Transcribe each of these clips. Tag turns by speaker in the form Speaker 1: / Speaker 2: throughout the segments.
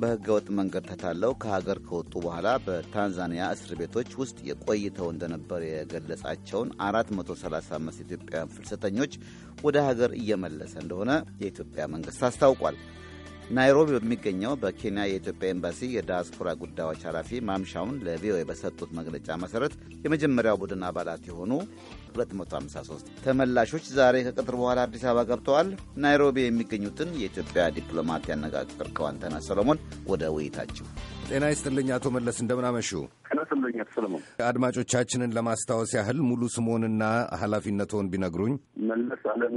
Speaker 1: በህገወጥ መንገድ ተታለው ከሀገር ከወጡ በኋላ በታንዛኒያ እስር ቤቶች ውስጥ የቆይተው እንደነበር የገለጻቸውን 435 ኢትዮጵያውያን ፍልሰተኞች ወደ ሀገር እየመለሰ እንደሆነ የኢትዮጵያ መንግስት አስታውቋል። ናይሮቢ በሚገኘው በኬንያ የኢትዮጵያ ኤምባሲ የዲያስፖራ ጉዳዮች ኃላፊ ማምሻውን ለቪኦኤ በሰጡት መግለጫ መሠረት የመጀመሪያው ቡድን አባላት የሆኑ 253 ተመላሾች ዛሬ ከቅጥር በኋላ አዲስ አበባ ገብተዋል። ናይሮቢ የሚገኙትን የኢትዮጵያ ዲፕሎማት ያነጋገርከው አንተነህ ሰሎሞን፣ ወደ ውይይታችሁ። ጤና ይስጥልኝ አቶ መለስ እንደምናመሹ ደስም ሰለሞን፣ አድማጮቻችንን ለማስታወስ ያህል ሙሉ ስሞንና ኃላፊነትዎን ቢነግሩኝ።
Speaker 2: መለስ አለም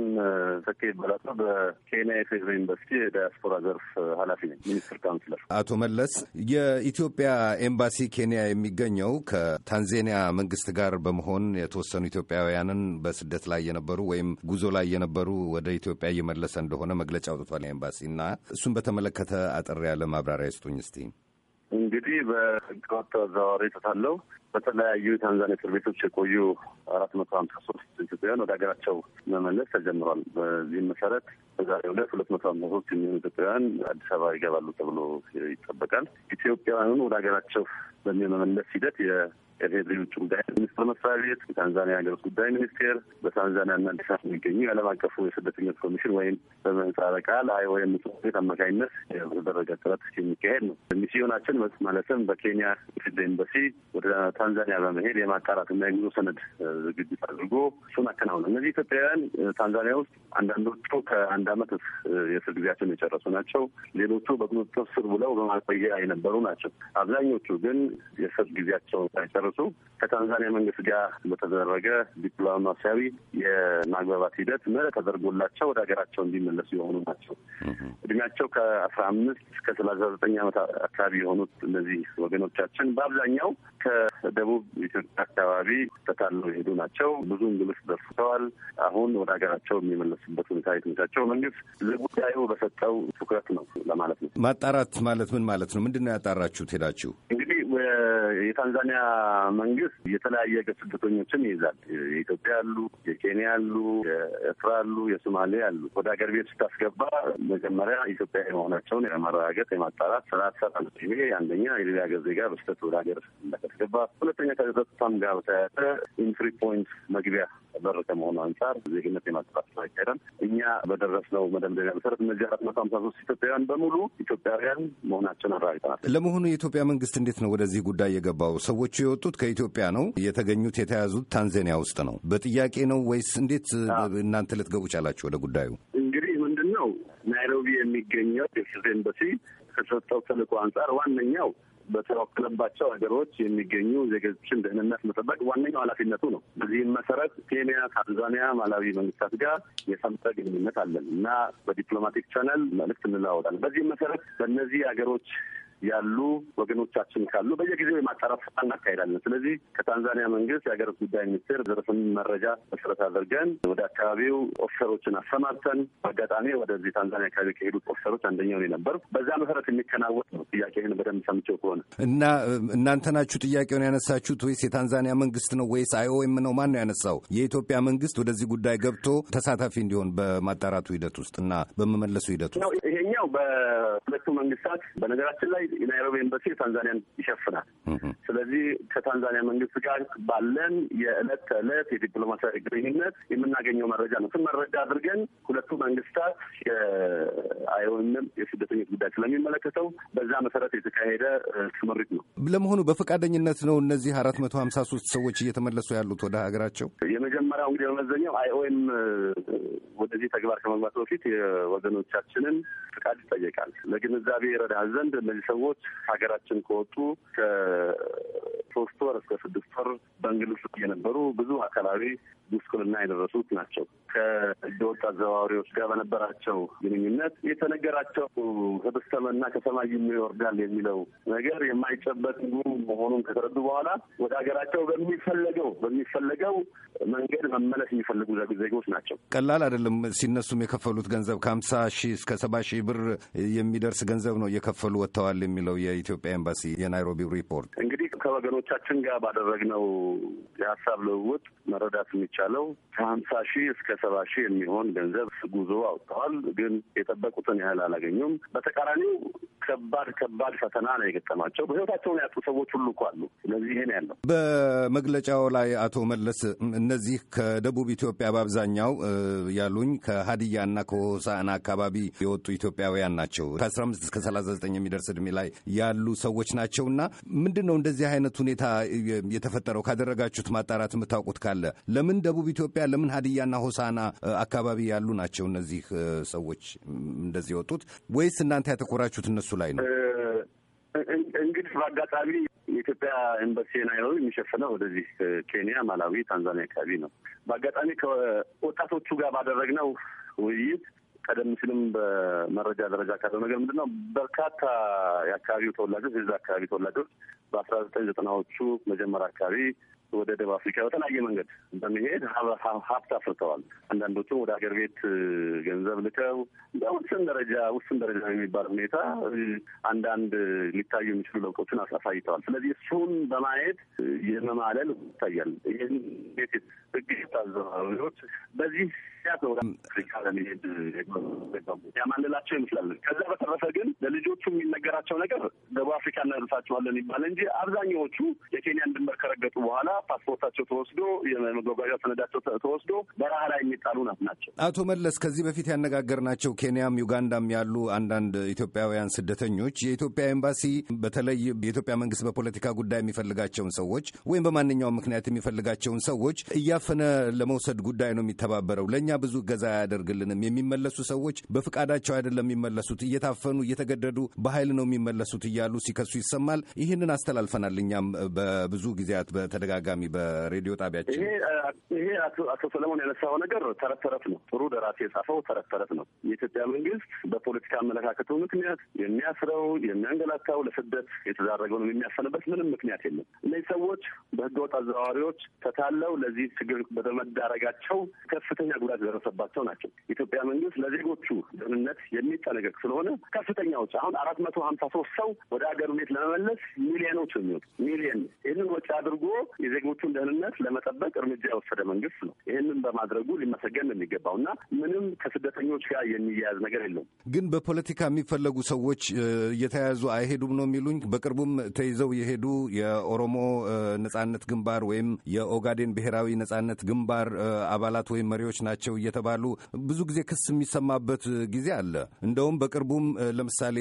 Speaker 2: ሰኬ ይባላለሁ። በኬንያ የፌዴራል ዩኒቨርሲቲ የዳያስፖራ ዘርፍ ኃላፊ ነኝ፣ ሚኒስትር
Speaker 1: ካውንስለር። አቶ መለስ፣ የኢትዮጵያ ኤምባሲ ኬንያ የሚገኘው ከታንዜኒያ መንግስት ጋር በመሆን የተወሰኑ ኢትዮጵያውያንን በስደት ላይ የነበሩ ወይም ጉዞ ላይ የነበሩ ወደ ኢትዮጵያ እየመለሰ እንደሆነ መግለጫ አውጥቷል ኤምባሲ እና እሱን በተመለከተ አጠር ያለ ማብራሪያ ይስጡኝ እስቲ።
Speaker 2: እንግዲህ በህገወጥ አዘዋዋሪ ተታለው በተለያዩ የታንዛኒያ እስር ቤቶች የቆዩ አራት መቶ ሀምሳ ሶስት ኢትዮጵያውያን ወደ ሀገራቸው መመለስ ተጀምሯል። በዚህም መሰረት በዛሬው ዕለት ሁለት መቶ ሀምሳ ሶስት የሚሆኑ ኢትዮጵያውያን አዲስ አበባ ይገባሉ ተብሎ ይጠበቃል። ኢትዮጵያውያኑን ወደ ሀገራቸው በሚመመለስ ሂደት የኢፌዴሪ ውጭ ጉዳይ ሚኒስትር መስሪያ ቤት፣ የታንዛኒያ ሀገር ጉዳይ ሚኒስቴር፣ በታንዛኒያና አዲስ አበባ የሚገኙ የዓለም አቀፉ የስደተኞች ኮሚሽን ወይም በምህጻረ ቃል አይ ኦ ኤም ጽሕፈት ቤት አማካኝነት የተደረገ ጥረት የሚካሄድ ነው። ሚስዮናችን ማለትም በኬንያ የኢፌዴሪ ኤምባሲ ወደ ታንዛኒያ በመሄድ የማጣራትና የጉዞ ሰነድ ዝግጅት አድርጎ እሱን አከናውነ። እነዚህ ኢትዮጵያውያን ታንዛኒያ ውስጥ አንዳንዶቹ ከአንድ ዓመት የእስር ጊዜያቸውን የጨረሱ ናቸው። ሌሎቹ በቁጥጥር ስር ውለው በማቆያ የነበሩ ናቸው። አብዛኞቹ ግን የእስር ጊዜያቸውን ሳይጨርሱ ኮንፈረንሱ ከታንዛኒያ መንግስት ጋር በተደረገ ዲፕሎማሲያዊ የማግባባት ሂደት ምህረት ተደርጎላቸው ወደ ሀገራቸው እንዲመለሱ የሆኑ ናቸው። እድሜያቸው ከአስራ አምስት እስከ ሰላሳ ዘጠኝ ዓመት አካባቢ የሆኑት እነዚህ ወገኖቻችን በአብዛኛው ከደቡብ ኢትዮጵያ አካባቢ ተታለው የሄዱ ናቸው። ብዙ እንግልት ደርሰዋል። አሁን ወደ ሀገራቸው የሚመለሱበት ሁኔታ የተመቻቸው መንግስት ለጉዳዩ በሰጠው ትኩረት ነው ለማለት ነው።
Speaker 1: ማጣራት ማለት ምን ማለት ነው? ምንድን ነው ያጣራችሁት ሄዳችሁ
Speaker 2: እንግዲህ የታንዛኒያ መንግስት የተለያየ ሀገር ስደተኞችን ይይዛል። የኢትዮጵያ አሉ፣ የኬንያ አሉ፣ የኤርትራ አሉ፣ የሶማሌ አሉ። ወደ ሀገር ቤት ስታስገባ መጀመሪያ ኢትዮጵያ የመሆናቸውን የማረጋገጥ የማጣራት ስራ ትሰራል። ይሄ አንደኛ የሌላ ሀገር ዜጋ በስተት ወደ ሀገር እንዳስገባ፣ ሁለተኛ ከጸጥታም ጋር በተያያዘ ኢንትሪ ፖይንት መግቢያ በር ከመሆኑ አንጻር ዜግነት የማጥፋት ስራ ይካሄዳል። እኛ በደረስነው መደምደሚያ መሰረት እነዚህ አራት መቶ ሀምሳ ሶስት ኢትዮጵያውያን በሙሉ ኢትዮጵያውያን መሆናቸውን አረጋግጠናል።
Speaker 1: ለመሆኑ የኢትዮጵያ መንግስት እንዴት ነው ወደዚህ ጉዳይ የገባው? ሰዎቹ የወጡት ከኢትዮጵያ ነው፣ የተገኙት የተያዙት ታንዛኒያ ውስጥ ነው። በጥያቄ ነው ወይስ እንዴት እናንተ ልትገቡ ቻላችሁ ወደ ጉዳዩ?
Speaker 2: እንግዲህ ምንድን ነው ናይሮቢ የሚገኘው የኤምባሲ ከሰጠው ተልዕኮ አንጻር ዋነኛው በተወክለባቸው ሀገሮች የሚገኙ ዜጎችን ደህንነት መጠበቅ ዋነኛው ኃላፊነቱ ነው። በዚህም መሰረት ኬንያ፣ ታንዛኒያ፣ ማላዊ መንግስታት ጋር የሰምጠ ግንኙነት አለን እና በዲፕሎማቲክ ቻናል መልእክት እንለዋወጣለን። በዚህም መሰረት በእነዚህ ሀገሮች ያሉ ወገኖቻችን ካሉ በየጊዜው የማጣራት ስራ እናካሄዳለን። ስለዚህ ከታንዛኒያ መንግስት የሀገር ጉዳይ ሚኒስቴር ደረሰን መረጃ መሰረት አድርገን ወደ አካባቢው ኦፊሰሮችን አሰማርተን በአጋጣሚ ወደዚህ ታንዛኒያ አካባቢ ከሄዱት ኦፊሰሮች አንደኛው ነበር። በዛ መሰረት የሚከናወን ነው። ጥያቄህን
Speaker 1: በደንብ ሰምቼው ከሆነ እና እናንተ ናችሁ ጥያቄውን ያነሳችሁት ወይስ የታንዛኒያ መንግስት ነው ወይስ አይኦኤም ነው? ማን ነው ያነሳው? የኢትዮጵያ መንግስት ወደዚህ ጉዳይ ገብቶ ተሳታፊ እንዲሆን በማጣራቱ ሂደት ውስጥ እና በመመለሱ ሂደት ውስጥ
Speaker 2: ይሄኛው በሁለቱ መንግስታት በነገራችን ላይ የናይሮቢ ኤምባሲ የታንዛኒያን ይሸፍናል። ስለዚህ ከታንዛኒያ መንግስት ጋር ባለን የዕለት ተዕለት የዲፕሎማሲያዊ ግንኙነት የምናገኘው መረጃ ነው። ስም መረጃ አድርገን ሁለቱ መንግስታት የአይኦኤምም የስደተኞች ጉዳይ ስለሚመለከተው በዛ መሰረት የተካሄደ ስምሪት ነው።
Speaker 1: ለመሆኑ በፈቃደኝነት ነው እነዚህ አራት መቶ ሀምሳ ሶስት ሰዎች እየተመለሱ ያሉት ወደ ሀገራቸው?
Speaker 2: መጀመሪያው እንግዲህ መመዘኛው አይኦኤም ወደዚህ ተግባር ከመግባት በፊት የወገኖቻችንን ፍቃድ ይጠየቃል። ለግንዛቤ ረዳ ዘንድ እነዚህ ሰዎች ሀገራችን ከወጡ ከሶስት ወር እስከ ስድስት ወር በእንግሊዝ የነበሩ ብዙ አካላዊ ጉስቁልና የደረሱት ናቸው። ከህገወጥ አዘዋዋሪዎች ጋር በነበራቸው ግንኙነት የተነገራቸው ህብስተመና ከሰማይ ይወርዳል የሚለው ነገር የማይጨበጥ መሆኑን ከተረዱ በኋላ ወደ ሀገራቸው በሚፈለገው በሚፈለገው መንገድ ወደፊት መመለስ የሚፈልጉ ዜጎች ናቸው።
Speaker 1: ቀላል አይደለም። ሲነሱም የከፈሉት ገንዘብ ከሀምሳ ሺህ እስከ ሰባ ሺህ ብር የሚደርስ ገንዘብ ነው እየከፈሉ ወጥተዋል የሚለው የኢትዮጵያ ኤምባሲ የናይሮቢ ሪፖርት
Speaker 2: እንግዲህ ከወገኖቻችን ጋር ባደረግነው የሀሳብ ልውውጥ መረዳት የሚቻለው ከሀምሳ ሺህ እስከ ሰባ ሺህ የሚሆን ገንዘብ ጉዞ አውጥተዋል። ግን የጠበቁትን ያህል አላገኙም። በተቃራኒው ከባድ ከባድ ፈተና ነው የገጠማቸው። በህይወታቸውን ያጡ ሰዎች ሁሉ እኮ አሉ። ስለዚህ ይሄን ያለው
Speaker 1: በመግለጫው ላይ አቶ መለስ እነዚህ ከደቡብ ኢትዮጵያ በአብዛኛው ያሉኝ ከሀዲያና ከሆሳዕና አካባቢ የወጡ ኢትዮጵያውያን ናቸው። ከአስራ አምስት እስከ ሰላሳ ዘጠኝ የሚደርስ እድሜ ላይ ያሉ ሰዎች ናቸውና ምንድን ነው እንደዚህ አይነት ሁኔታ የተፈጠረው? ካደረጋችሁት ማጣራት የምታውቁት ካለ ለምን ደቡብ ኢትዮጵያ ለምን ሀዲያና ሆሳና አካባቢ ያሉ ናቸው እነዚህ ሰዎች እንደዚህ የወጡት? ወይስ እናንተ ያተኮራችሁት እነሱ እሱ ላይ ነው።
Speaker 2: እንግዲህ በአጋጣሚ የኢትዮጵያ ኤምባሲ ናይሮቢ የሚሸፍነው ወደዚህ ኬንያ፣ ማላዊ፣ ታንዛኒያ አካባቢ ነው። በአጋጣሚ ከወጣቶቹ ጋር ባደረግነው ውይይት ቀደም ሲልም በመረጃ ደረጃ ካለው ነገር ምንድን ነው በርካታ የአካባቢው ተወላጆች የዛ አካባቢ ተወላጆች በአስራ ዘጠኝ ዘጠናዎቹ መጀመሪያ አካባቢ ወደ ደቡብ አፍሪካ በተለያየ መንገድ በመሄድ ሀብት አፍርተዋል። አንዳንዶቹም ወደ ሀገር ቤት ገንዘብ ልከው በውስን ደረጃ ውስን ደረጃ የሚባል ሁኔታ አንዳንድ ሊታዩ የሚችሉ ለውጦችን አሳይተዋል። ስለዚህ እሱን በማየት የመማለል ይታያል። ይህን ህግ ታዘባሪዎች በዚህ ነው አፍሪካ ለመሄድ ያማልላቸው ይመስላል። ከዛ በተረፈ ግን ለልጆቹ የሚነገራቸው ነገር ደቡብ አፍሪካ እናደርሳቸዋለን ይባል እንጂ አብዛኛዎቹ የኬንያን ድንበር ከረገጡ በኋላ ፓስፖርታቸው ተወስዶ የመጓጓዣ ሰነዳቸው ተወስዶ በረሃ ላይ የሚጣሉ ናቸው።
Speaker 1: አቶ መለስ ከዚህ በፊት ያነጋገርናቸው ኬንያም ዩጋንዳም ያሉ አንዳንድ ኢትዮጵያውያን ስደተኞች የኢትዮጵያ ኤምባሲ በተለይ የኢትዮጵያ መንግስት በፖለቲካ ጉዳይ የሚፈልጋቸውን ሰዎች ወይም በማንኛውም ምክንያት የሚፈልጋቸውን ሰዎች እያፈነ ለመውሰድ ጉዳይ ነው የሚተባበረው፣ ለእኛ ብዙ እገዛ አያደርግልንም። የሚመለሱ ሰዎች በፍቃዳቸው አይደለም የሚመለሱት፣ እየታፈኑ እየተገደዱ በኃይል ነው የሚመለሱት እያሉ ሲከሱ ይሰማል። ይህንን አስተላልፈናል እኛም በብዙ ጊዜያት በተደጋጋሚ በድጋሚ በሬዲዮ ጣቢያችን
Speaker 2: ይሄ አቶ ሰለሞን ያነሳው ነገር ተረት ተረት ነው። ጥሩ ደራሲ የጻፈው ተረት ተረት ነው። የኢትዮጵያ መንግስት በፖለቲካ አመለካከቱ ምክንያት የሚያስረው የሚያንገላታው፣ ለስደት የተዳረገውን የሚያፈንበት ምንም ምክንያት የለም። እነዚህ ሰዎች በህገወጥ አዘዋዋሪዎች ተታለው ለዚህ ችግር በመዳረጋቸው ከፍተኛ ጉዳት የደረሰባቸው ናቸው። ኢትዮጵያ መንግስት ለዜጎቹ ደህንነት የሚጠነቀቅ ስለሆነ ከፍተኛ ወጪ አሁን አራት መቶ ሀምሳ ሶስት ሰው ወደ ሀገር ቤት ለመመለስ ሚሊዮኖች የሚወጡ ሚሊዮን ይህንን ወጪ አድርጎ የዜጎቹን ደህንነት ለመጠበቅ እርምጃ የወሰደ መንግስት ነው። ይህንን በማድረጉ ሊመሰገን ነው የሚገባው እና ምንም ከስደተኞች ጋር የሚያያዝ ነገር የለውም።
Speaker 1: ግን በፖለቲካ የሚፈለጉ ሰዎች እየተያዙ አይሄዱም ነው የሚሉኝ። በቅርቡም ተይዘው የሄዱ የኦሮሞ ነጻነት ግንባር ወይም የኦጋዴን ብሔራዊ ነጻነት ግንባር አባላት ወይም መሪዎች ናቸው እየተባሉ ብዙ ጊዜ ክስ የሚሰማበት ጊዜ አለ። እንደውም በቅርቡም ለምሳሌ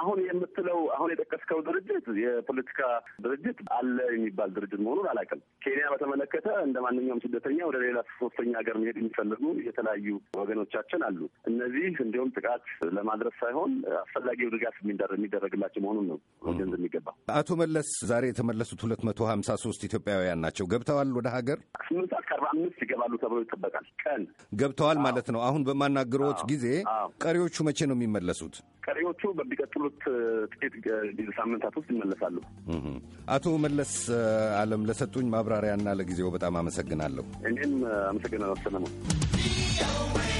Speaker 2: አሁን የምትለው አሁን የጠቀስከው ድርጅት የፖለቲካ ድርጅት አለ የሚባል ድርጅት መሆኑን አላውቅም። ኬንያ በተመለከተ እንደ ማንኛውም ስደተኛ ወደ ሌላ ሶስተኛ ሀገር መሄድ የሚፈልጉ የተለያዩ ወገኖቻችን አሉ። እነዚህ እንዲሁም ጥቃት ለማድረስ ሳይሆን አስፈላጊው ድጋፍ የሚደረግላቸው መሆኑን ነው ወገንዝ የሚገባ።
Speaker 1: አቶ መለስ ዛሬ የተመለሱት ሁለት መቶ ሀምሳ ሶስት ኢትዮጵያውያን ናቸው። ገብተዋል ወደ ሀገር
Speaker 2: ስምንት ሰዓት ከአርባ አምስት ይገባሉ ተብሎ ይጠበቃል። ቀን
Speaker 1: ገብተዋል ማለት ነው። አሁን በማናግሮት ጊዜ ቀሪዎቹ መቼ ነው የሚመለሱት?
Speaker 2: ሌሎቹ በሚቀጥሉት ጥቂት ሳምንታት ውስጥ ይመለሳሉ።
Speaker 1: አቶ መለስ አለም ለሰጡኝ ማብራሪያና ለጊዜው በጣም አመሰግናለሁ።
Speaker 2: እኔም አመሰግናለሁ ሰለሞን።